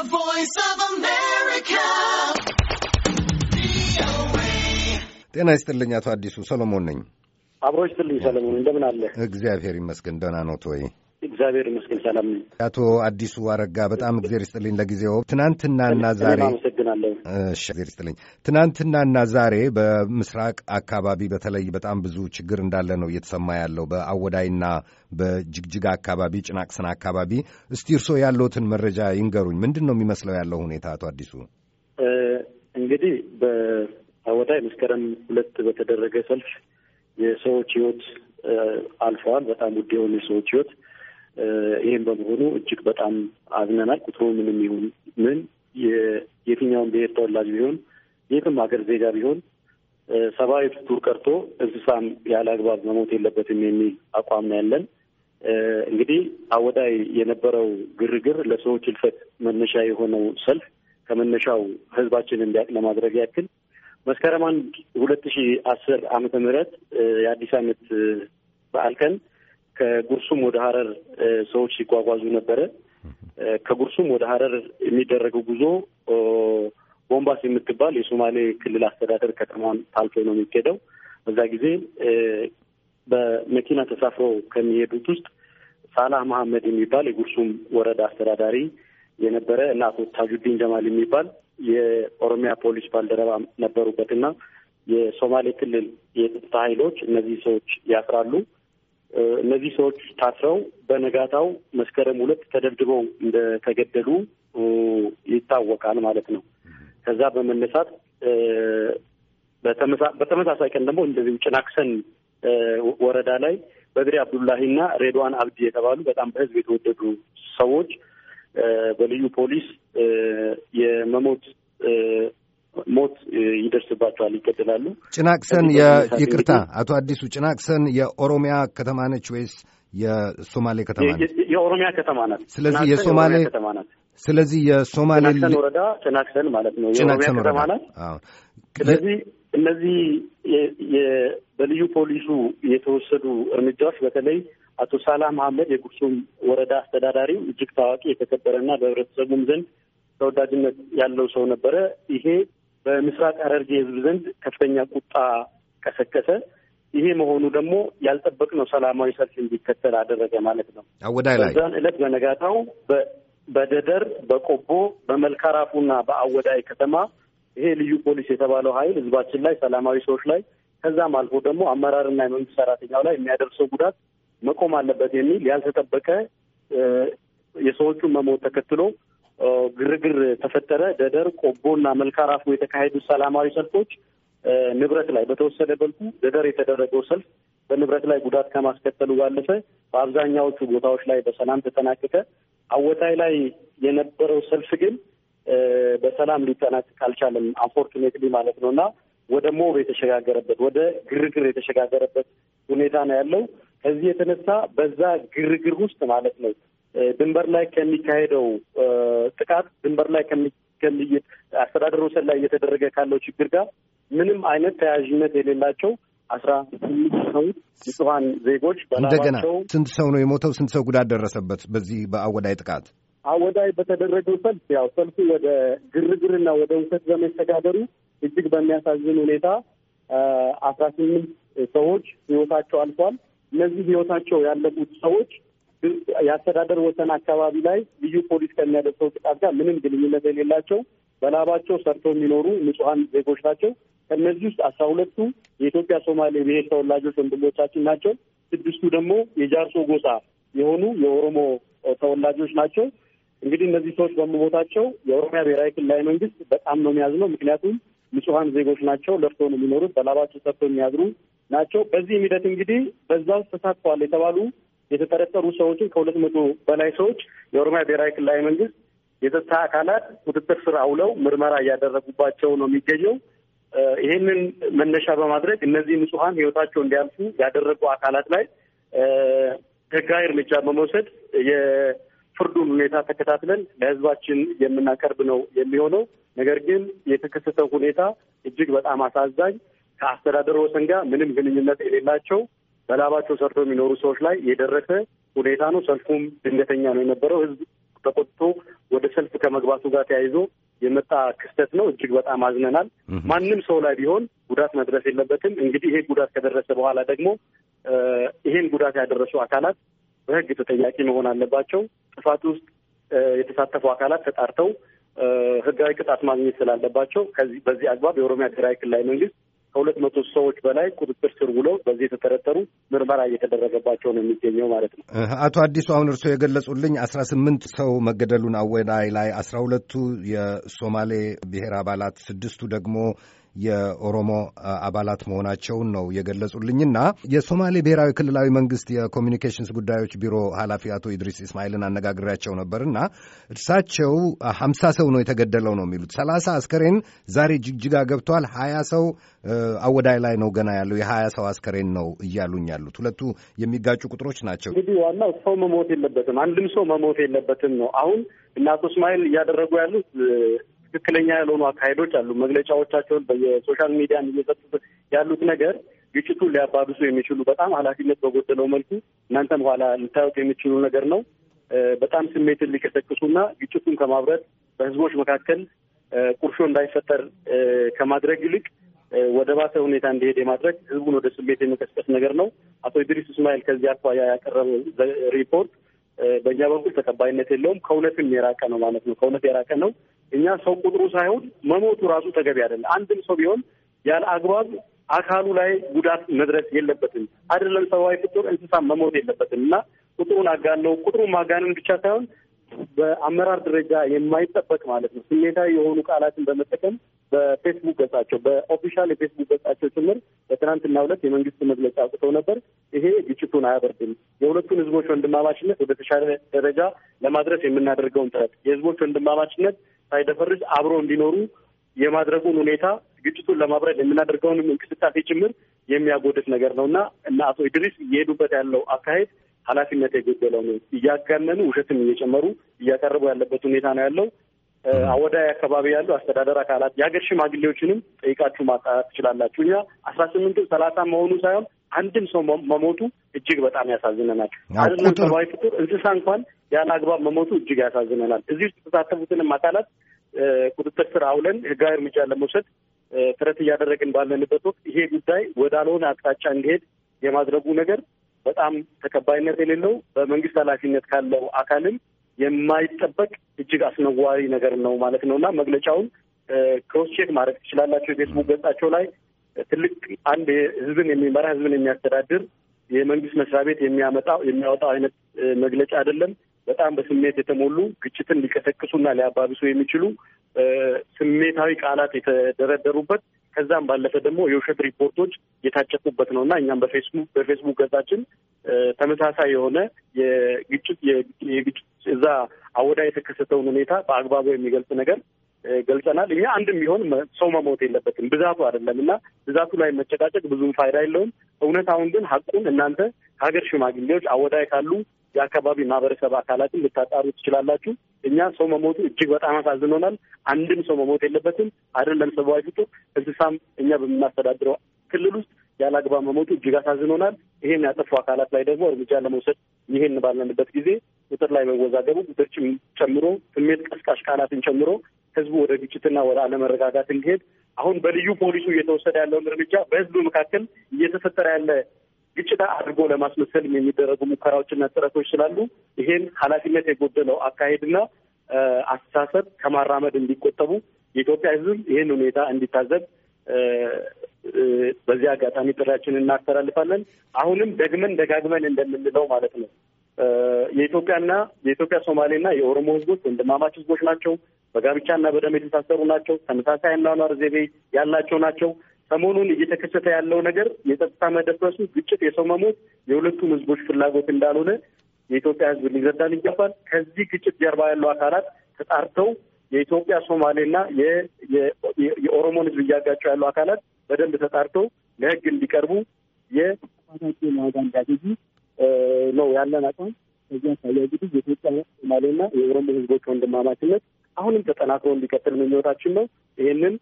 The Voice of America. ጤና ይስጥልኝ አቶ አዲሱ ሰሎሞን ነኝ። አብሮ ይስጥልኝ ሰለሞን፣ እንደምን አለ? እግዚአብሔር ይመስገን ደህና ነው ወይ? እግዚአብሔር ይመስገን ሰላም ነኝ። አቶ አዲሱ አረጋ በጣም እግዚአብሔር ይስጥልኝ ለጊዜው። ትናንትናና ዛሬ አመሰግናለሁ። ይስጥልኝ። ትናንትናና ዛሬ በምስራቅ አካባቢ በተለይ በጣም ብዙ ችግር እንዳለ ነው እየተሰማ ያለው በአወዳይና በጅግጅጋ አካባቢ፣ ጭናቅስና አካባቢ። እስቲ እርስዎ ያለዎትን መረጃ ይንገሩኝ። ምንድን ነው የሚመስለው ያለው ሁኔታ አቶ አዲሱ? እንግዲህ በአወዳይ መስከረም ሁለት በተደረገ ሰልፍ የሰዎች ህይወት አልፈዋል። በጣም ውድ የሆኑ የሰዎች ህይወት ይህም በመሆኑ እጅግ በጣም አዝነናል። ቁጥሩ ምንም ይሁን ምን የትኛውን ብሔር ተወላጅ ቢሆን የትም ሀገር ዜጋ ቢሆን ሰብአዊ ፍጡር ቀርቶ እንስሳም ያለ አግባብ መሞት የለበትም የሚል አቋም ነው ያለን። እንግዲህ አወዳይ የነበረው ግርግር ለሰዎች እልፈት መነሻ የሆነው ሰልፍ ከመነሻው ህዝባችን እንዲያውቅ ለማድረግ ያክል መስከረም አንድ ሁለት ሺ አስር ዓመተ ምህረት የአዲስ ዓመት በዓል ቀን ከጉርሱም ወደ ሀረር ሰዎች ሲጓጓዙ ነበረ። ከጉርሱም ወደ ሀረር የሚደረገው ጉዞ ቦምባስ የምትባል የሶማሌ ክልል አስተዳደር ከተማን ታልፎ ነው የሚሄደው። በዛ ጊዜ በመኪና ተሳፍረው ከሚሄዱት ውስጥ ሳላህ መሐመድ የሚባል የጉርሱም ወረዳ አስተዳዳሪ የነበረ እና አቶ ታጁዲን ጀማል የሚባል የኦሮሚያ ፖሊስ ባልደረባ ነበሩበት እና የሶማሌ ክልል የጸጥታ ኃይሎች እነዚህ ሰዎች ያስራሉ። እነዚህ ሰዎች ታስረው በነጋታው መስከረም ሁለት ተደብድበው እንደተገደሉ ይታወቃል ማለት ነው። ከዛ በመነሳት በተመሳሳይ ቀን ደግሞ እንደዚሁ ጭናክሰን ወረዳ ላይ አብዱላሂ አብዱላሂና ሬድዋን አብዲ የተባሉ በጣም በህዝብ የተወደዱ ሰዎች በልዩ ፖሊስ የመሞት ሞት ይደርስባቸዋል፣ ይገደላሉ። ጭናቅሰን ይቅርታ፣ አቶ አዲሱ ጭናቅሰን የኦሮሚያ ከተማ ነች ወይስ የሶማሌ ከተማ ነች? የኦሮሚያ ከተማ ናት። ስለዚህ የሶማሌ ከተማ ናት። ስለዚህ የሶማሌ ጭናቅሰን ወረዳ ጭናቅሰን ማለት ነው፣ የኦሮሚያ ከተማ ናት። ስለዚህ እነዚህ በልዩ ፖሊሱ የተወሰዱ እርምጃዎች በተለይ አቶ ሳላ መሐመድ የጉርሱም ወረዳ አስተዳዳሪው እጅግ ታዋቂ የተከበረና በህብረተሰቡም ዘንድ ተወዳጅነት ያለው ሰው ነበረ። ይሄ በምስራቅ ሐረርጌ ህዝብ ዘንድ ከፍተኛ ቁጣ ቀሰቀሰ። ይሄ መሆኑ ደግሞ ያልጠበቅነው ሰላማዊ ሰልፍ እንዲከተል አደረገ ማለት ነው። አወዳይ ላይ በዛን ዕለት በነጋታው በደደር በቆቦ በመልካራፉና በአወዳይ ከተማ ይሄ ልዩ ፖሊስ የተባለው ኃይል ህዝባችን ላይ ሰላማዊ ሰዎች ላይ ከዛም አልፎ ደግሞ አመራርና የመንግስት ሰራተኛው ላይ የሚያደርሰው ጉዳት መቆም አለበት የሚል ያልተጠበቀ የሰዎቹን መሞት ተከትሎ ግርግር ተፈጠረ። ደደር፣ ቆቦና መልካራፎ የተካሄዱ ሰላማዊ ሰልፎች ንብረት ላይ በተወሰነ መልኩ ደደር የተደረገው ሰልፍ በንብረት ላይ ጉዳት ከማስከተሉ ባለፈ በአብዛኛዎቹ ቦታዎች ላይ በሰላም ተጠናቀቀ። አወታይ ላይ የነበረው ሰልፍ ግን በሰላም ሊጠናቀቅ አልቻለም፣ አንፎርቹኔትሊ ማለት ነው እና ወደ ሞብ የተሸጋገረበት ወደ ግርግር የተሸጋገረበት ሁኔታ ነው ያለው። ከዚህ የተነሳ በዛ ግርግር ውስጥ ማለት ነው ድንበር ላይ ከሚካሄደው ጥቃት ድንበር ላይ አስተዳደር ወሰን ላይ እየተደረገ ካለው ችግር ጋር ምንም አይነት ተያያዥነት የሌላቸው አስራ ስምንት ሰው ንጹሐን ዜጎች እንደገና ስንት ሰው ነው የሞተው? ስንት ሰው ጉዳት ደረሰበት? በዚህ በአወዳይ ጥቃት አወዳይ በተደረገው ሰልፍ ያው ሰልፉ ወደ ግርግርና ወደ ውሰት በመሸጋገሩ እጅግ በሚያሳዝን ሁኔታ አስራ ስምንት ሰዎች ህይወታቸው አልፏል። እነዚህ ህይወታቸው ያለፉት ሰዎች የአስተዳደር ወሰን አካባቢ ላይ ልዩ ፖሊስ ከሚያደርሰው ጥቃት ጋር ምንም ግንኙነት የሌላቸው በላባቸው ሰርቶ የሚኖሩ ንጹሀን ዜጎች ናቸው። ከእነዚህ ውስጥ አስራ ሁለቱ የኢትዮጵያ ሶማሌ ብሔር ተወላጆች ወንድሞቻችን ናቸው። ስድስቱ ደግሞ የጃርሶ ጎሳ የሆኑ የኦሮሞ ተወላጆች ናቸው። እንግዲህ እነዚህ ሰዎች በመሞታቸው የኦሮሚያ ብሔራዊ ክልላዊ መንግስት በጣም ነው የሚያዝ ነው። ምክንያቱም ንጹሀን ዜጎች ናቸው። ለፍቶ ነው የሚኖሩት። በላባቸው ሰርቶ የሚያድሩ ናቸው። በዚህም ሂደት እንግዲህ በዛ ውስጥ ተሳትፏል የተባሉ የተጠረጠሩ ሰዎችን ከሁለት መቶ በላይ ሰዎች የኦሮሚያ ብሔራዊ ክልላዊ መንግስት የጸጥታ አካላት ቁጥጥር ስር አውለው ምርመራ እያደረጉባቸው ነው የሚገኘው። ይህንን መነሻ በማድረግ እነዚህ ንጹሀን ህይወታቸው እንዲያልፉ ያደረጉ አካላት ላይ ህጋዊ እርምጃ በመውሰድ የፍርዱን ሁኔታ ተከታትለን ለህዝባችን የምናቀርብ ነው የሚሆነው። ነገር ግን የተከሰተው ሁኔታ እጅግ በጣም አሳዛኝ ከአስተዳደር ወሰን ጋር ምንም ግንኙነት የሌላቸው በላባቸው ሰርተው የሚኖሩ ሰዎች ላይ የደረሰ ሁኔታ ነው። ሰልፉም ድንገተኛ ነው የነበረው። ህዝብ ተቆጥቶ ወደ ሰልፍ ከመግባቱ ጋር ተያይዞ የመጣ ክስተት ነው። እጅግ በጣም አዝነናል። ማንም ሰው ላይ ቢሆን ጉዳት መድረስ የለበትም። እንግዲህ ይሄ ጉዳት ከደረሰ በኋላ ደግሞ ይሄን ጉዳት ያደረሱ አካላት በህግ ተጠያቂ መሆን አለባቸው። ጥፋት ውስጥ የተሳተፉ አካላት ተጣርተው ህጋዊ ቅጣት ማግኘት ስላለባቸው ከዚህ በዚህ አግባብ የኦሮሚያ ብሔራዊ ክልላዊ መንግስት ከሁለት መቶ ሰዎች በላይ ቁጥጥር ስር ውለው በዚህ የተጠረጠሩ ምርመራ እየተደረገባቸው ነው የሚገኘው ማለት ነው። አቶ አዲሱ አሁን እርስዎ የገለጹልኝ አስራ ስምንት ሰው መገደሉን አወዳይ ላይ አስራ ሁለቱ የሶማሌ ብሔር አባላት ስድስቱ ደግሞ የኦሮሞ አባላት መሆናቸውን ነው የገለጹልኝና የሶማሌ ብሔራዊ ክልላዊ መንግስት የኮሚኒኬሽንስ ጉዳዮች ቢሮ ኃላፊ አቶ ኢድሪስ እስማኤልን አነጋግሬያቸው ነበርና እርሳቸው ሀምሳ ሰው ነው የተገደለው ነው የሚሉት። ሰላሳ አስከሬን ዛሬ ጅግጅጋ ገብቷል። ሀያ ሰው አወዳይ ላይ ነው ገና ያለው የሀያ ሰው አስከሬን ነው እያሉኝ ያሉት። ሁለቱ የሚጋጩ ቁጥሮች ናቸው። እንግዲህ ዋናው ሰው መሞት የለበትም፣ አንድም ሰው መሞት የለበትም ነው አሁን እና አቶ እስማኤል እያደረጉ ያሉት ትክክለኛ ያልሆኑ አካሄዶች አሉ። መግለጫዎቻቸውን በየሶሻል ሚዲያ እየሰጡት ያሉት ነገር ግጭቱን ሊያባብሱ የሚችሉ በጣም ኃላፊነት በጎደለው መልኩ እናንተም ኋላ ልታዩት የሚችሉ ነገር ነው። በጣም ስሜትን ሊቀሰቅሱና ግጭቱን ከማብረት በህዝቦች መካከል ቁርሾ እንዳይፈጠር ከማድረግ ይልቅ ወደ ባሰ ሁኔታ እንዲሄድ የማድረግ ህዝቡን ወደ ስሜት የመቀስቀስ ነገር ነው። አቶ ኢድሪስ እስማኤል ከዚህ አኳያ ያቀረበው ሪፖርት በእኛ በኩል ተቀባይነት የለውም። ከእውነትም የራቀ ነው ማለት ነው። ከእውነት የራቀ ነው። እኛ ሰው ቁጥሩ ሳይሆን መሞቱ ራሱ ተገቢ አይደለም። አንድም ሰው ቢሆን ያለ አግባብ አካሉ ላይ ጉዳት መድረስ የለበትም። አይደለም ሰብአዊ ፍጡር እንስሳ መሞት የለበትም እና ቁጥሩን አጋነው ቁጥሩን ማጋነን ብቻ ሳይሆን በአመራር ደረጃ የማይጠበቅ ማለት ነው። ስሜታዊ የሆኑ ቃላትን በመጠቀም በፌስቡክ ገጻቸው፣ በኦፊሻል የፌስቡክ ገጻቸው ጭምር በትናንትና ሁለት የመንግስት መግለጫ አውጥተው ነበር። ይሄ ግጭቱን አያበርድም። የሁለቱን ህዝቦች ወንድማማችነት ወደ ተሻለ ደረጃ ለማድረስ የምናደርገውን ጥረት የህዝቦች ወንድማማችነት ሳይደፈርስ አብሮ እንዲኖሩ የማድረጉን ሁኔታ ግጭቱን ለማብረድ የምናደርገውንም እንቅስቃሴ ጭምር የሚያጎድት ነገር ነው እና እና አቶ ኢድሪስ እየሄዱበት ያለው አካሄድ ኃላፊነት የጎደለው ነው እያጋነኑ ውሸትን እየጨመሩ እያቀረቡ ያለበት ሁኔታ ነው ያለው። አወዳይ አካባቢ ያሉ አስተዳደር አካላት የሀገር ሽማግሌዎችንም ጠይቃችሁ ማጣራት ትችላላችሁ። እኛ አስራ ስምንት ሰላሳ መሆኑ ሳይሆን አንድም ሰው መሞቱ እጅግ በጣም ያሳዝነናል። አይደለም ሰብአዊ ፍጡር እንስሳ እንኳን ያለ አግባብ መሞቱ እጅግ ያሳዝነናል። እዚህ ውስጥ የተሳተፉትንም አካላት ቁጥጥር ስር አውለን ህጋዊ እርምጃ ለመውሰድ ጥረት እያደረግን ባለንበት ወቅት ይሄ ጉዳይ ወዳልሆነ አቅጣጫ እንዲሄድ የማድረጉ ነገር በጣም ተቀባይነት የሌለው በመንግስት ኃላፊነት ካለው አካልም የማይጠበቅ እጅግ አስነዋሪ ነገር ነው ማለት ነው እና መግለጫውን ክሮስ ቼክ ማድረግ ትችላላቸው። የፌስቡክ ገጻቸው ላይ ትልቅ አንድ ህዝብን የሚመራ ህዝብን የሚያስተዳድር የመንግስት መስሪያ ቤት የሚያመጣው የሚያወጣው አይነት መግለጫ አይደለም። በጣም በስሜት የተሞሉ ግጭትን ሊቀሰቅሱና ሊያባብሱ የሚችሉ ስሜታዊ ቃላት የተደረደሩበት ከዛም ባለፈ ደግሞ የውሸት ሪፖርቶች የታጨቁበት ነው እና እኛም በፌስቡክ በፌስቡክ ገጻችን ተመሳሳይ የሆነ የግጭት የግጭት እዛ አወዳ የተከሰተውን ሁኔታ በአግባቡ የሚገልጽ ነገር ገልጸናል። እኛ አንድም ቢሆን ሰው መሞት የለበትም ብዛቱ አይደለም እና ብዛቱ ላይ መጨቃጨቅ ብዙም ፋይዳ የለውም። አሁን ግን ሀቁን እናንተ ከሀገር ሽማግሌዎች አወዳይ ካሉ የአካባቢ ማህበረሰብ አካላትን ልታጣሩ ትችላላችሁ። እኛ ሰው መሞቱ እጅግ በጣም አሳዝኖናል። አንድም ሰው መሞት የለበትም። አይደለም ሰብአዊ ፍጡር እንስሳም እኛ በምናስተዳድረው ክልል ውስጥ ያለ አግባብ መሞቱ እጅግ አሳዝኖናል። ይሄን ያጠፉ አካላት ላይ ደግሞ እርምጃ ለመውሰድ ይሄን ባለንበት ጊዜ ቁጥር ላይ መወዛገቡ ቁጥርችም ጨምሮ ስሜት ቀስቃሽ ቃላትን ጨምሮ ህዝቡ ወደ ግጭትና ወደ አለመረጋጋት እንዲሄድ አሁን በልዩ ፖሊሱ እየተወሰደ ያለውን እርምጃ በህዝቡ መካከል እየተፈጠረ ያለ ግጭት አድርጎ ለማስመሰል የሚደረጉ ሙከራዎችና ጥረቶች ስላሉ ይሄን ኃላፊነት የጎደለው አካሄድና አስተሳሰብ ከማራመድ እንዲቆጠቡ የኢትዮጵያ ሕዝብ ይህን ሁኔታ እንዲታዘብ በዚህ አጋጣሚ ጥሪያችንን እናስተላልፋለን። አሁንም ደግመን ደጋግመን እንደምንለው ማለት ነው የኢትዮጵያና የኢትዮጵያ ሶማሌና የኦሮሞ ህዝቦች ወንድማማች ህዝቦች ናቸው። በጋብቻና በደም የተሳሰሩ ናቸው። ተመሳሳይ አኗኗር ዘይቤ ያላቸው ናቸው። ሰሞኑን እየተከሰተ ያለው ነገር የጸጥታ መደፍረሱ፣ ግጭት፣ የሰው መሞት የሁለቱም ህዝቦች ፍላጎት እንዳልሆነ የኢትዮጵያ ህዝብ ሊረዳን ይገባል። ከዚህ ግጭት ጀርባ ያሉ አካላት ተጣርተው የኢትዮጵያ ሶማሌና የኦሮሞን ህዝብ እያጋጩ ያሉ አካላት በደንብ ተጣርተው ለህግ እንዲቀርቡ የጥፋታቸው ዋጋ እንዲያገኙ ነው ያለን አቋም። ከዚህ አኳያ እንግዲህ የኢትዮጵያ ሶማሌና የኦሮሞ ህዝቦች ወንድማማችነት አሁንም ተጠናክሮ እንዲቀጥል ምኞታችን ነው። ይህንን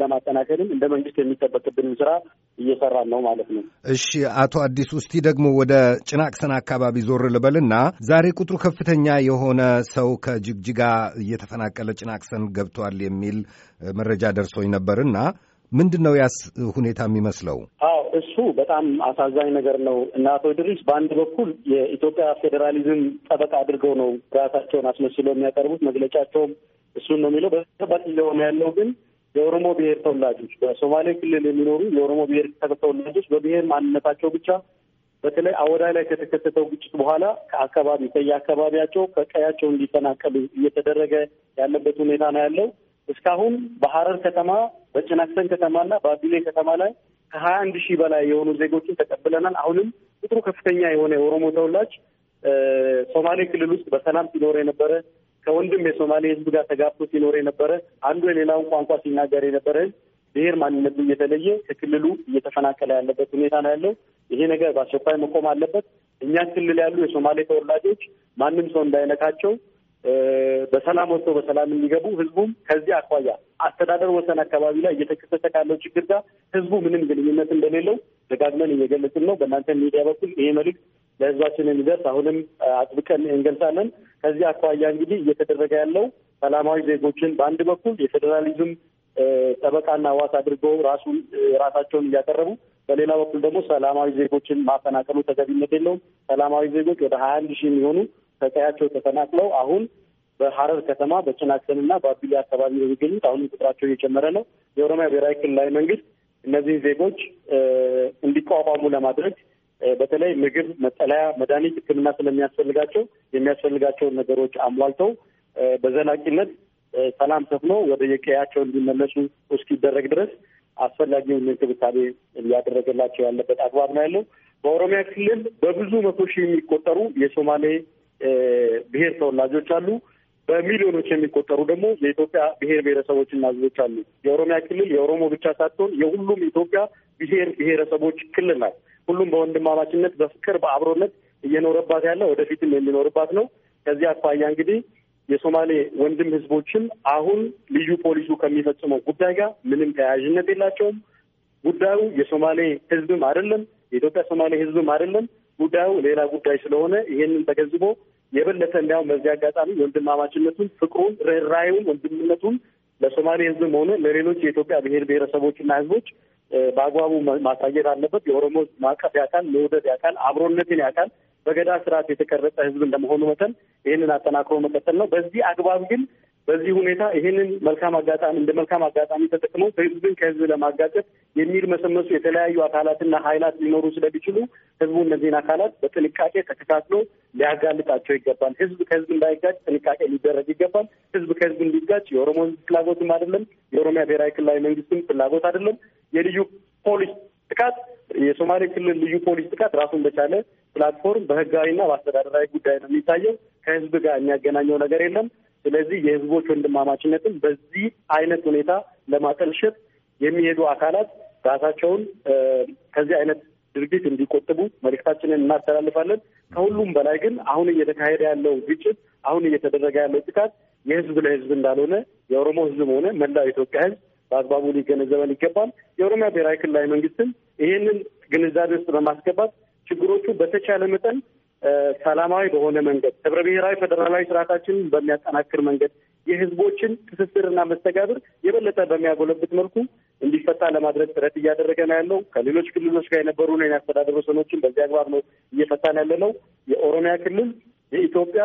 ለማጠናከርም እንደ መንግስት የሚጠበቅብንም ስራ እየሰራን ነው ማለት ነው። እሺ አቶ አዲስ ውስቲ ደግሞ ወደ ጭናቅሰን አካባቢ ዞር ልበልና ዛሬ ቁጥሩ ከፍተኛ የሆነ ሰው ከጅግጅጋ እየተፈናቀለ ጭናቅሰን ገብቷል የሚል መረጃ ደርሶኝ ነበርና ምንድን ነው ያስ ሁኔታ የሚመስለው? አዎ እሱ በጣም አሳዛኝ ነገር ነው እና አቶ ድሪስ በአንድ በኩል የኢትዮጵያ ፌዴራሊዝም ጠበቃ አድርገው ነው ራሳቸውን አስመስለው የሚያቀርቡት መግለጫቸውም እሱን ነው የሚለው በተባት እየሆነ ያለው ግን የኦሮሞ ብሔር ተወላጆች በሶማሌ ክልል የሚኖሩ የኦሮሞ ብሔር ተወላጆች በብሔር ማንነታቸው ብቻ በተለይ አወዳይ ላይ ከተከሰተው ግጭት በኋላ ከአካባቢ ከየአካባቢያቸው ከቀያቸው እንዲፈናቀሉ እየተደረገ ያለበት ሁኔታ ነው ያለው። እስካሁን በሀረር ከተማ በጭናክሰን ከተማና በአቢሌ ከተማ ላይ ከሀያ አንድ ሺህ በላይ የሆኑ ዜጎችን ተቀብለናል። አሁንም ቁጥሩ ከፍተኛ የሆነ የኦሮሞ ተወላጅ ሶማሌ ክልል ውስጥ በሰላም ሲኖር የነበረ ከወንድም የሶማሌ ህዝብ ጋር ተጋብቶ ሲኖር የነበረ አንዱ የሌላውን ቋንቋ ሲናገር የነበረ ህዝብ ብሔር ማንነቱ እየተለየ ከክልሉ እየተፈናቀለ ያለበት ሁኔታ ነው ያለው። ይሄ ነገር በአስቸኳይ መቆም አለበት። እኛ ክልል ያሉ የሶማሌ ተወላጆች ማንም ሰው እንዳይነካቸው በሰላም ወጥቶ በሰላም እንዲገቡ ህዝቡም ከዚህ አኳያ አስተዳደር ወሰን አካባቢ ላይ እየተከሰተ ካለው ችግር ጋር ህዝቡ ምንም ግንኙነት እንደሌለው ደጋግመን እየገለጽን ነው። በእናንተ ሚዲያ በኩል ይሄ መልዕክት ለህዝባችን የሚደርስ አሁንም አጥብቀን እንገልጻለን። ከዚህ አኳያ እንግዲህ እየተደረገ ያለው ሰላማዊ ዜጎችን በአንድ በኩል የፌዴራሊዝም ጠበቃና ዋስ አድርገው ራሱን ራሳቸውን እያቀረቡ በሌላ በኩል ደግሞ ሰላማዊ ዜጎችን ማፈናቀሉ ተገቢነት የለውም። ሰላማዊ ዜጎች ወደ ሀያ አንድ ሺህ የሚሆኑ ከቀያቸው ተፈናቅለው አሁን በሀረር ከተማ በጭናክሰንና በአቢሊ አካባቢ የሚገኙት። አሁንም ቁጥራቸው እየጨመረ ነው። የኦሮሚያ ብሔራዊ ክልላዊ መንግስት እነዚህን ዜጎች እንዲቋቋሙ ለማድረግ በተለይ ምግብ፣ መጠለያ፣ መድኃኒት፣ ሕክምና ስለሚያስፈልጋቸው የሚያስፈልጋቸውን ነገሮች አሟልተው በዘላቂነት ሰላም ሰፍኖ ወደ የቀያቸው እንዲመለሱ እስኪደረግ ድረስ አስፈላጊውን እንክብካቤ እያደረገላቸው ያለበት አግባብ ነው ያለው። በኦሮሚያ ክልል በብዙ መቶ ሺህ የሚቆጠሩ የሶማሌ ብሔር ተወላጆች አሉ። በሚሊዮኖች የሚቆጠሩ ደግሞ የኢትዮጵያ ብሔር ብሔረሰቦችና ሕዝቦች አሉ። የኦሮሚያ ክልል የኦሮሞ ብቻ ሳትሆን የሁሉም ኢትዮጵያ ብሔር ብሔረሰቦች ክልል ናት። ሁሉም በወንድማማችነት በፍቅር በአብሮነት እየኖረባት ያለ ወደፊትም የሚኖርባት ነው። ከዚህ አኳያ እንግዲህ የሶማሌ ወንድም ህዝቦችም አሁን ልዩ ፖሊሱ ከሚፈጽመው ጉዳይ ጋር ምንም ተያያዥነት የላቸውም። ጉዳዩ የሶማሌ ህዝብም አይደለም፣ የኢትዮጵያ ሶማሌ ህዝብም አይደለም። ጉዳዩ ሌላ ጉዳይ ስለሆነ ይሄንን ተገንዝቦ የበለጠ እንዲያውም በዚህ አጋጣሚ ወንድማማችነቱን፣ ፍቅሩን፣ ርኅራዩን፣ ወንድምነቱን ለሶማሌ ህዝብም ሆነ ለሌሎች የኢትዮጵያ ብሔር ብሔረሰቦችና ህዝቦች በአግባቡ ማሳየት አለበት። የኦሮሞ ማቀፍ ያውቃል፣ መውደድ ያውቃል፣ አብሮነትን ያውቃል። በገዳ ስርዓት የተቀረጸ ህዝብ እንደመሆኑ መጠን ይህንን አጠናክሮ መቀጠል ነው። በዚህ አግባብ ግን በዚህ ሁኔታ ይህንን መልካም አጋጣሚ እንደ መልካም አጋጣሚ ተጠቅመው ህዝብን ከህዝብ ለማጋጨት መሰመሱ የተለያዩ አካላትና ኃይላት ሊኖሩ ስለሚችሉ ህዝቡ እነዚህን አካላት በጥንቃቄ ተከታትሎ ሊያጋልጣቸው ይገባል። ህዝብ ከህዝብ እንዳይጋጭ ጥንቃቄ ሊደረግ ይገባል። ህዝብ ከህዝብ እንዲጋጭ የኦሮሞ ህዝብ ፍላጎትም አይደለም፣ የኦሮሚያ ብሔራዊ ክልላዊ መንግስትም ፍላጎት አይደለም። የልዩ ፖሊስ ጥቃት የሶማሌ ክልል ልዩ ፖሊስ ጥቃት ራሱን በቻለ ፕላትፎርም በህጋዊና በአስተዳደራዊ ጉዳይ ነው የሚታየው። ከህዝብ ጋር የሚያገናኘው ነገር የለም። ስለዚህ የህዝቦች ወንድማማችነትን በዚህ አይነት ሁኔታ ለማጠልሸት የሚሄዱ አካላት ራሳቸውን ከዚህ አይነት ድርጊት እንዲቆጥቡ መልእክታችንን እናስተላልፋለን። ከሁሉም በላይ ግን አሁን እየተካሄደ ያለው ግጭት፣ አሁን እየተደረገ ያለው ጥቃት የህዝብ ለህዝብ እንዳልሆነ የኦሮሞ ህዝብም ሆነ መላው ኢትዮጵያ ህዝብ በአግባቡ ሊገነዘበን ይገባል። የኦሮሚያ ብሔራዊ ክልላዊ መንግስትም ይህንን ግንዛቤ ውስጥ በማስገባት ችግሮቹ በተቻለ መጠን ሰላማዊ በሆነ መንገድ ህብረ ብሔራዊ ፌዴራላዊ ስርዓታችንን በሚያጠናክር መንገድ የህዝቦችን ትስስርና መስተጋብር የበለጠ በሚያጎለብት መልኩ እንዲፈታ ለማድረግ ጥረት እያደረገ ነው ያለው። ከሌሎች ክልሎች ጋር የነበሩ ነ የአስተዳደር ወሰኖችን በዚህ አግባብ ነው እየፈታን ያለ ነው። የኦሮሚያ ክልል የኢትዮጵያ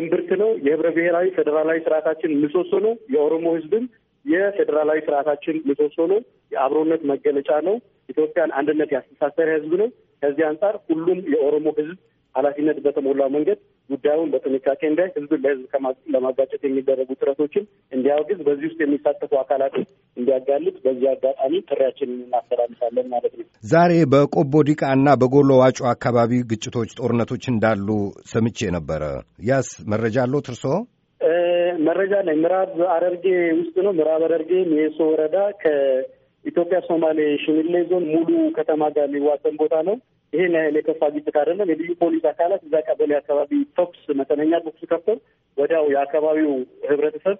እምብርት ነው። የህብረ ብሔራዊ ፌዴራላዊ ስርዓታችን ምሰሶ ነው። የኦሮሞ ህዝብም የፌዴራላዊ ስርዓታችን ምሰሶ ነው። የአብሮነት መገለጫ ነው። ኢትዮጵያን አንድነት ያስተሳሰረ ህዝብ ነው። ከዚህ አንጻር ሁሉም የኦሮሞ ህዝብ ኃላፊነት በተሞላ መንገድ ጉዳዩን በጥንቃቄ እንዳይ ህዝብን ለህዝብ ለማጋጨት የሚደረጉ ጥረቶችን እንዲያወግዝ በዚህ ውስጥ የሚሳተፉ አካላትን እንዲያጋልጥ በዚህ አጋጣሚ ጥሪያችንን እናስተላልፋለን ማለት ነው። ዛሬ በቆቦ ዲቃና በጎሎ ዋጮ አካባቢ ግጭቶች፣ ጦርነቶች እንዳሉ ሰምቼ ነበረ። ያስ መረጃ አለዎት እርስዎ? መረጃ ላይ ምዕራብ አደርጌ ውስጥ ነው። ምዕራብ አደርጌ ሜሶ ወረዳ ከኢትዮጵያ ሶማሌ ሽንሌ ዞን ሙሉ ከተማ ጋር የሚዋሰን ቦታ ነው። ይሄ ለከፋ ግጭት አይደለም። የልዩ ፖሊስ አካላት እዛ ቀበሌ አካባቢ ተኩስ፣ መጠነኛ ተኩስ ከፍተው ወዲያው የአካባቢው ህብረተሰብ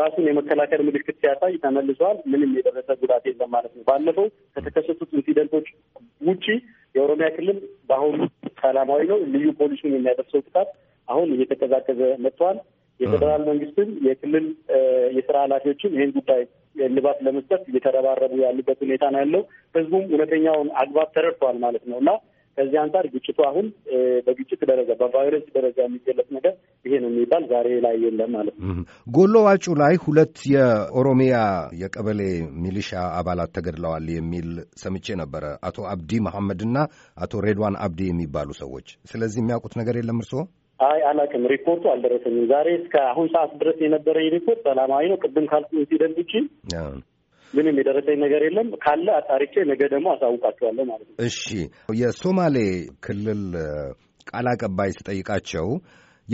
ራሱን የመከላከል ምልክት ሲያሳይ ተመልሰዋል። ምንም የደረሰ ጉዳት የለም ማለት ነው። ባለፈው ከተከሰቱት ኢንሲደንቶች ውጪ የኦሮሚያ ክልል በአሁኑ ሰላማዊ ነው። ልዩ ፖሊሱን የሚያደርሰው ጥቃት አሁን እየተቀዛቀዘ መጥተዋል። የፌደራል መንግስትም የክልል የስራ ኃላፊዎችም ይህን ጉዳይ እልባት ለመስጠት እየተረባረቡ ያሉበት ሁኔታ ነው ያለው። ህዝቡም እውነተኛውን አግባብ ተረድቷል ማለት ነው እና ከዚህ አንጻር ግጭቱ አሁን በግጭት ደረጃ በቫዮለንስ ደረጃ የሚገለጽ ነገር ይሄ ነው የሚባል ዛሬ ላይ የለም ማለት ነው። ጎሎ ዋጩ ላይ ሁለት የኦሮሚያ የቀበሌ ሚሊሻ አባላት ተገድለዋል የሚል ሰምቼ ነበረ። አቶ አብዲ መሐመድ እና አቶ ሬድዋን አብዲ የሚባሉ ሰዎች። ስለዚህ የሚያውቁት ነገር የለም እርስዎ? አይ አላውቅም፣ ሪፖርቱ አልደረሰኝም። ዛሬ እስከ አሁን ሰዓት ድረስ የነበረኝ ሪፖርት ሰላማዊ ነው። ቅድም ካልኩ ኢንሲደንት ውጪ ምንም የደረሰኝ ነገር የለም። ካለ አጣሪቼ ነገ ደግሞ አሳውቃቸዋለሁ ማለት ነው። እሺ፣ የሶማሌ ክልል ቃል አቀባይ ስጠይቃቸው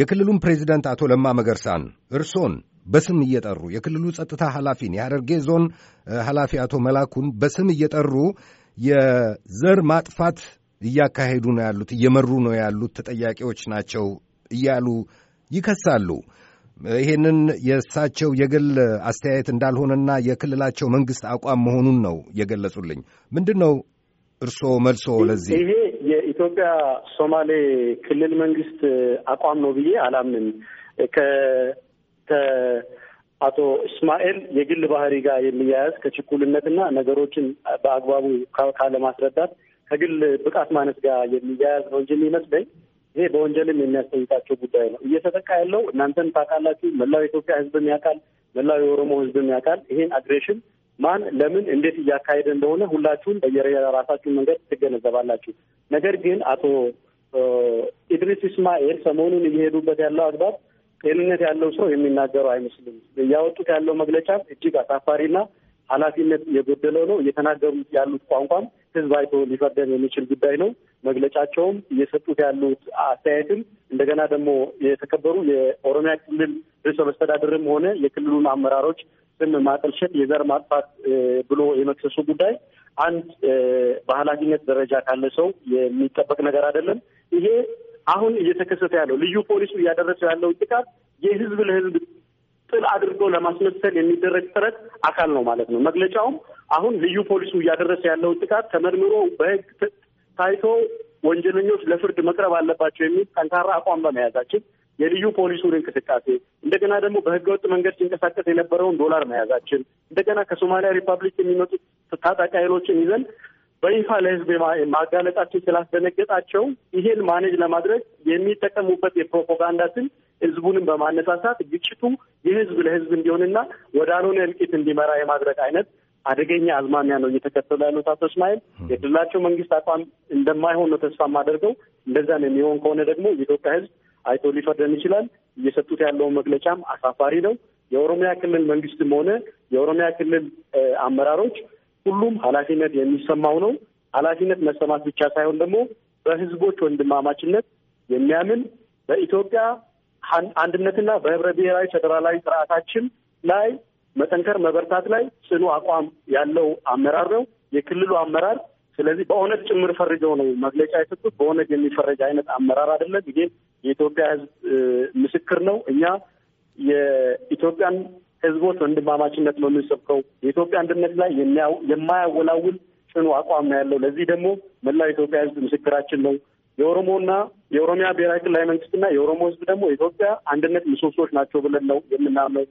የክልሉን ፕሬዚደንት አቶ ለማ መገርሳን እርሶን በስም እየጠሩ የክልሉ ጸጥታ ኃላፊን የሐረርጌ ዞን ኃላፊ አቶ መላኩን በስም እየጠሩ የዘር ማጥፋት እያካሄዱ ነው ያሉት፣ እየመሩ ነው ያሉት፣ ተጠያቂዎች ናቸው እያሉ ይከሳሉ። ይህንን የእሳቸው የግል አስተያየት እንዳልሆነና የክልላቸው መንግስት አቋም መሆኑን ነው የገለጹልኝ። ምንድን ነው እርስዎ መልሶ ለዚህ? ይሄ የኢትዮጵያ ሶማሌ ክልል መንግስት አቋም ነው ብዬ አላምንም። አቶ እስማኤል የግል ባህሪ ጋር የሚያያዝ ከችኩልነትና ነገሮችን በአግባቡ ካለማስረዳት ከግል ብቃት ማነስ ጋር የሚያያዝ ነው እንጂ የሚመስለኝ ይሄ በወንጀልም የሚያስጠይቃቸው ጉዳይ ነው። እየተጠቃ ያለው እናንተን ታውቃላችሁ፣ መላው የኢትዮጵያ ህዝብ ያውቃል፣ መላው የኦሮሞ ህዝብ ያውቃል። ይሄን አግሬሽን ማን ለምን እንዴት እያካሄደ እንደሆነ ሁላችሁም በየራሳችሁ መንገድ ትገነዘባላችሁ። ነገር ግን አቶ ኢድሪስ ኢስማኤል ሰሞኑን እየሄዱበት ያለው አግባብ ጤንነት ያለው ሰው የሚናገረው አይመስልም። እያወጡት ያለው መግለጫ እጅግ አሳፋሪና ኃላፊነት የጎደለው ነው። እየተናገሩት ያሉት ቋንቋም ህዝብ አይቶ ሊፈርደን የሚችል ጉዳይ ነው። መግለጫቸውም እየሰጡት ያሉት አስተያየትም እንደገና ደግሞ የተከበሩ የኦሮሚያ ክልል ርዕሰ መስተዳድርም ሆነ የክልሉን አመራሮች ስም ማጠልሸት፣ የዘር ማጥፋት ብሎ የመክሰሱ ጉዳይ አንድ በኃላፊነት ደረጃ ካለ ሰው የሚጠበቅ ነገር አይደለም። ይሄ አሁን እየተከሰተ ያለው ልዩ ፖሊሱ እያደረሰው ያለው ጥቃት የህዝብ ለህዝብ ጥል አድርጎ ለማስመሰል የሚደረግ ጥረት አካል ነው ማለት ነው። መግለጫውም አሁን ልዩ ፖሊሱ እያደረሰ ያለውን ጥቃት ተመርምሮ በህግ ታይቶ ወንጀለኞች ለፍርድ መቅረብ አለባቸው የሚል ጠንካራ አቋም በመያዛችን የልዩ ፖሊሱን እንቅስቃሴ እንደገና ደግሞ በህገወጥ መንገድ ሲንቀሳቀስ የነበረውን ዶላር መያዛችን እንደገና ከሶማሊያ ሪፐብሊክ የሚመጡት ታጣቂ ኃይሎችን ይዘን በይፋ ለህዝብ ማጋለጣቸው ስላስደነገጣቸው ይሄን ማኔጅ ለማድረግ የሚጠቀሙበት የፕሮፓጋንዳ ስልት ህዝቡንም በማነሳሳት ግጭቱ የህዝብ ለህዝብ እንዲሆንና አልሆነ እልቂት እንዲመራ የማድረግ አይነት አደገኛ አዝማሚያ ነው እየተከተሉ ያሉት። አቶ እስማኤል የድላቸው መንግስት አቋም እንደማይሆን ነው ተስፋ የማደርገው። እንደዛም የሚሆን ከሆነ ደግሞ የኢትዮጵያ ህዝብ አይቶ ሊፈርደን ይችላል። እየሰጡት ያለውን መግለጫም አሳፋሪ ነው። የኦሮሚያ ክልል መንግስትም ሆነ የኦሮሚያ ክልል አመራሮች ሁሉም ኃላፊነት የሚሰማው ነው። ኃላፊነት መሰማት ብቻ ሳይሆን ደግሞ በህዝቦች ወንድማማችነት የሚያምን በኢትዮጵያ አንድነትና በህብረ ብሔራዊ ፌዴራላዊ ስርዓታችን ላይ መጠንከር መበርታት ላይ ጽኑ አቋም ያለው አመራር ነው የክልሉ አመራር። ስለዚህ በእውነት ጭምር ፈርጀው ነው መግለጫ የሰጡት። በእውነት የሚፈረጅ አይነት አመራር አይደለም። ይሄ የኢትዮጵያ ህዝብ ምስክር ነው። እኛ የኢትዮጵያን ህዝቦች ወንድማማችነት በምንሰብከው የኢትዮጵያ አንድነት ላይ የማያወላውል ጽኑ አቋም ነው ያለው። ለዚህ ደግሞ መላው የኢትዮጵያ ህዝብ ምስክራችን ነው። የኦሮሞና የኦሮሚያ ብሔራዊ ክልላዊ መንግስትና የኦሮሞ ህዝብ ደግሞ የኢትዮጵያ አንድነት ምሰሶዎች ናቸው ብለን ነው የምናምነው።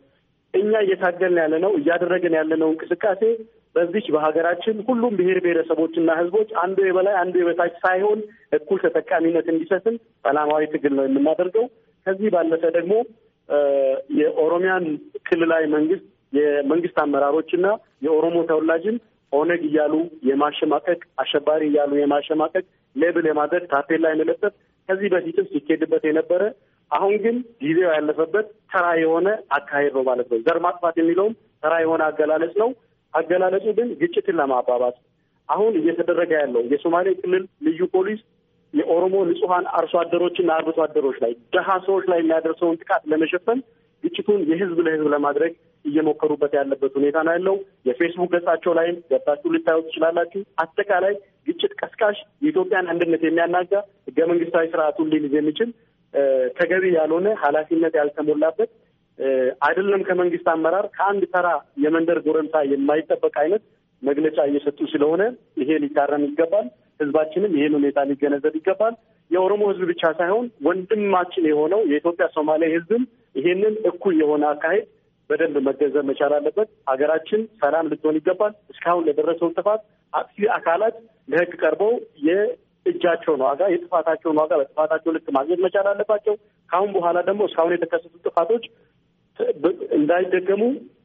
እኛ እየታገልን ያለ ነው እያደረግን ያለ ነው እንቅስቃሴ በዚች በሀገራችን ሁሉም ብሔር ብሔረሰቦችና ህዝቦች አንዱ የበላይ አንዱ የበታች ሳይሆን እኩል ተጠቃሚነት እንዲሰትን ሰላማዊ ትግል ነው የምናደርገው። ከዚህ ባለፈ ደግሞ የኦሮሚያን ክልላዊ መንግስት የመንግስት አመራሮችና የኦሮሞ ተወላጅን ኦነግ እያሉ የማሸማቀቅ አሸባሪ እያሉ የማሸማቀቅ ሌብል የማድረግ ታፔላ የመለጠፍ ከዚህ በፊትም ሲኬድበት የነበረ አሁን ግን ጊዜው ያለፈበት ተራ የሆነ አካሄድ ነው ማለት ነው። ዘር ማጥፋት የሚለውም ተራ የሆነ አገላለጽ ነው። አገላለጹ ግን ግጭትን ለማባባስ አሁን እየተደረገ ያለው የሶማሌ ክልል ልዩ ፖሊስ የኦሮሞ ንጹሀን አርሶ አደሮችና አርብቶ አደሮች ላይ ደሃ ሰዎች ላይ የሚያደርሰውን ጥቃት ለመሸፈን ግጭቱን የህዝብ ለህዝብ ለማድረግ እየሞከሩበት ያለበት ሁኔታ ነው ያለው። የፌስቡክ ገጻቸው ላይም ገብታችሁ ልታዩ ትችላላችሁ። አጠቃላይ ግጭት ቀስቃሽ የኢትዮጵያን አንድነት የሚያናጋ ህገ መንግስታዊ ስርዓቱን ሊልዝ የሚችል ተገቢ ያልሆነ ኃላፊነት ያልተሞላበት አይደለም ከመንግስት አመራር ከአንድ ተራ የመንደር ጎረምሳ የማይጠበቅ አይነት መግለጫ እየሰጡ ስለሆነ ይሄ ሊታረም ይገባል። ህዝባችንም ይህን ሁኔታ ሊገነዘብ ይገባል። የኦሮሞ ህዝብ ብቻ ሳይሆን ወንድማችን የሆነው የኢትዮጵያ ሶማሌ ህዝብም ይህንን እኩል የሆነ አካሄድ በደንብ መገንዘብ መቻል አለበት። ሀገራችን ሰላም ልትሆን ይገባል። እስካሁን ለደረሰው ጥፋት አጥፊ አካላት ለህግ ቀርበው የእጃቸውን ዋጋ የጥፋታቸውን ዋጋ በጥፋታቸው ልክ ማግኘት መቻል አለባቸው። ከአሁን በኋላ ደግሞ እስካሁን የተከሰቱ ጥፋቶች እንዳይደገሙ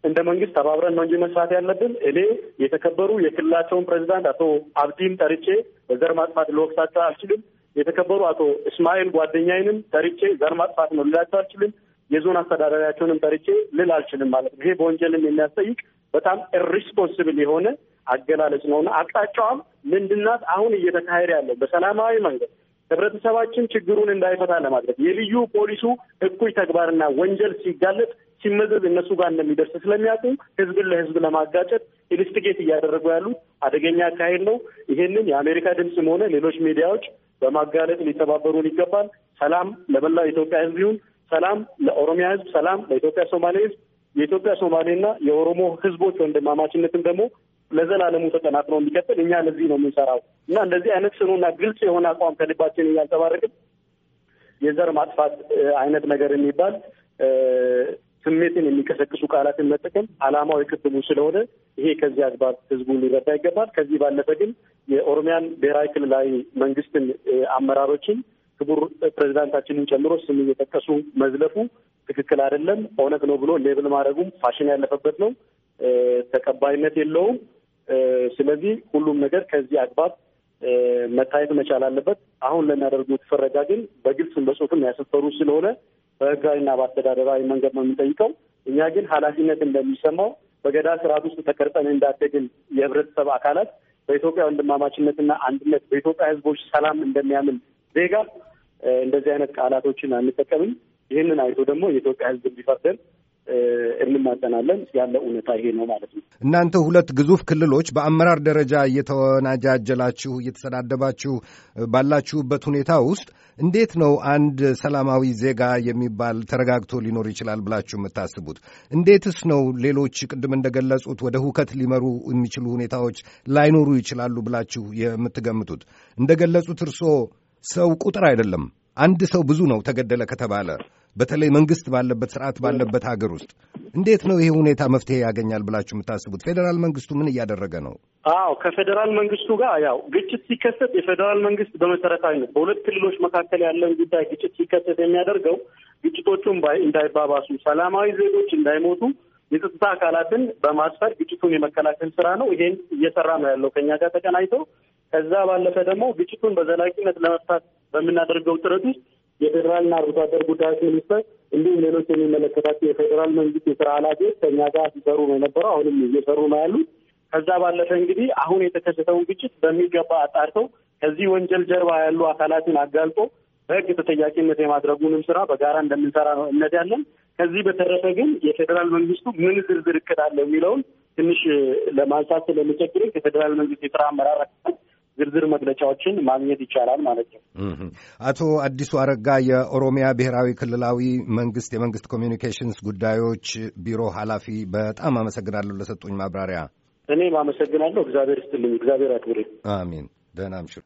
እንደ መንግስት ተባብረን ነው እንጂ መስራት ያለብን። እኔ የተከበሩ የክልላቸውን ፕሬዚዳንት አቶ አብዲን ጠርቼ በዘር ማጥፋት ልወቅሳቸው አልችልም። የተከበሩ አቶ እስማኤል ጓደኛዬንም ጠርቼ ዘር ማጥፋት ነው ልላቸው አልችልም። የዞን አስተዳዳሪያቸውንም ጠርቼ ልል አልችልም ማለት ነው። ይሄ በወንጀልም የሚያስጠይቅ በጣም ኢሪስፖንስብል የሆነ አገላለጽ ነውና አቅጣጫዋም ምንድናት? አሁን እየተካሄደ ያለው በሰላማዊ መንገድ ህብረተሰባችን ችግሩን እንዳይፈታ ለማድረግ የልዩ ፖሊሱ እኩይ ተግባርና ወንጀል ሲጋለጥ ሲመዘዝ እነሱ ጋር እንደሚደርስ ስለሚያውቁ ህዝብን ለህዝብ ለማጋጨት ኢንስቲጌት እያደረጉ ያሉት አደገኛ አካሄድ ነው። ይሄንን የአሜሪካ ድምፅም ሆነ ሌሎች ሚዲያዎች በማጋለጥ ሊተባበሩን ይገባል። ሰላም ለመላው የኢትዮጵያ ህዝብ ይሁን። ሰላም ለኦሮሚያ ህዝብ፣ ሰላም ለኢትዮጵያ ሶማሌ ህዝብ። የኢትዮጵያ ሶማሌና የኦሮሞ ህዝቦች ወንድማማችነትም ደግሞ ለዘላለሙ ተጠናክሮ የሚቀጥል እኛ ለዚህ ነው የምንሰራው እና እንደዚህ አይነት ጽኑና ግልጽ የሆነ አቋም ከልባችን እያንጸባረቅን የዘር ማጥፋት አይነት ነገር የሚባል ስሜትን የሚቀሰቅሱ ቃላትን መጠቀም አላማው የክትሉ ስለሆነ ይሄ ከዚህ አግባብ ህዝቡ ሊረዳ ይገባል። ከዚህ ባለፈ ግን የኦሮሚያን ብሔራዊ ክልላዊ መንግስትን አመራሮችን ክቡር ፕሬዚዳንታችንን ጨምሮ ስም እየጠቀሱ መዝለፉ ትክክል አይደለም። እውነት ነው ብሎ ሌብል ማድረጉም ፋሽን ያለፈበት ነው፣ ተቀባይነት የለውም። ስለዚህ ሁሉም ነገር ከዚህ አግባብ መታየት መቻል አለበት። አሁን ለሚያደርጉት ፍረጃ ግን በግልጽም በጽሁፍም ያሰፈሩ ስለሆነ በህጋዊና በአስተዳደራዊ መንገድ ነው የምንጠይቀው። እኛ ግን ኃላፊነት እንደሚሰማው በገዳ ስርዓት ውስጥ ተቀርጸን እንዳደግን የህብረተሰብ አካላት በኢትዮጵያ ወንድማማችነትና አንድነት በኢትዮጵያ ህዝቦች ሰላም እንደሚያምን ዜጋ እንደዚህ አይነት ቃላቶችን አንጠቀምም። ይህንን አይቶ ደግሞ የኢትዮጵያ ህዝብ እንዲፈርደን እንማጠናለን ያለ እውነታ ይሄ ነው ማለት ነው። እናንተ ሁለት ግዙፍ ክልሎች በአመራር ደረጃ እየተወናጃጀላችሁ እየተሰዳደባችሁ ባላችሁበት ሁኔታ ውስጥ እንዴት ነው አንድ ሰላማዊ ዜጋ የሚባል ተረጋግቶ ሊኖር ይችላል ብላችሁ የምታስቡት? እንዴትስ ነው ሌሎች ቅድም እንደገለጹት ወደ ሁከት ሊመሩ የሚችሉ ሁኔታዎች ላይኖሩ ይችላሉ ብላችሁ የምትገምቱት? እንደገለጹት እርስዎ ሰው ቁጥር አይደለም። አንድ ሰው ብዙ ነው ተገደለ ከተባለ በተለይ መንግስት ባለበት ስርዓት ባለበት ሀገር ውስጥ እንዴት ነው ይሄ ሁኔታ መፍትሄ ያገኛል ብላችሁ የምታስቡት? ፌዴራል መንግስቱ ምን እያደረገ ነው? አዎ ከፌዴራል መንግስቱ ጋር ያው ግጭት ሲከሰት የፌዴራል መንግስት በመሰረታዊነት በሁለት ክልሎች መካከል ያለን ጉዳይ ግጭት ሲከሰት የሚያደርገው ግጭቶቹን እንዳይባባሱ፣ ሰላማዊ ዜጎች እንዳይሞቱ የጸጥታ አካላትን በማስፈር ግጭቱን የመከላከል ስራ ነው። ይሄን እየሰራ ነው ያለው ከኛ ጋር ተቀናጅተው። ከዛ ባለፈ ደግሞ ግጭቱን በዘላቂነት ለመፍታት በምናደርገው ጥረት ውስጥ የፌዴራልና አርብቶ አደር ጉዳዮች ሚኒስተር እንዲሁም ሌሎች የሚመለከታቸው የፌዴራል መንግስት የስራ ኃላፊዎች ከኛ ጋር ሲሰሩ ነው የነበረው። አሁንም እየሰሩ ነው ያሉት። ከዛ ባለፈ እንግዲህ አሁን የተከሰተውን ግጭት በሚገባ አጣርተው ከዚህ ወንጀል ጀርባ ያሉ አካላትን አጋልጦ በህግ ተጠያቂነት የማድረጉንም ስራ በጋራ እንደምንሰራ ነው እምነት ያለን። ከዚህ በተረፈ ግን የፌዴራል መንግስቱ ምን ዝርዝር እቅድ አለ የሚለውን ትንሽ ለማንሳት ስለሚቸግረኝ ከፌዴራል መንግስት የስራ አመራር ዝርዝር መግለጫዎችን ማግኘት ይቻላል ማለት ነው። አቶ አዲሱ አረጋ የኦሮሚያ ብሔራዊ ክልላዊ መንግስት የመንግስት ኮሚኒኬሽንስ ጉዳዮች ቢሮ ኃላፊ፣ በጣም አመሰግናለሁ ለሰጡኝ ማብራሪያ። እኔም አመሰግናለሁ። እግዚአብሔር ይስጥልኝ። እግዚአብሔር አክብሬ አሚን። ደህና እምሽር።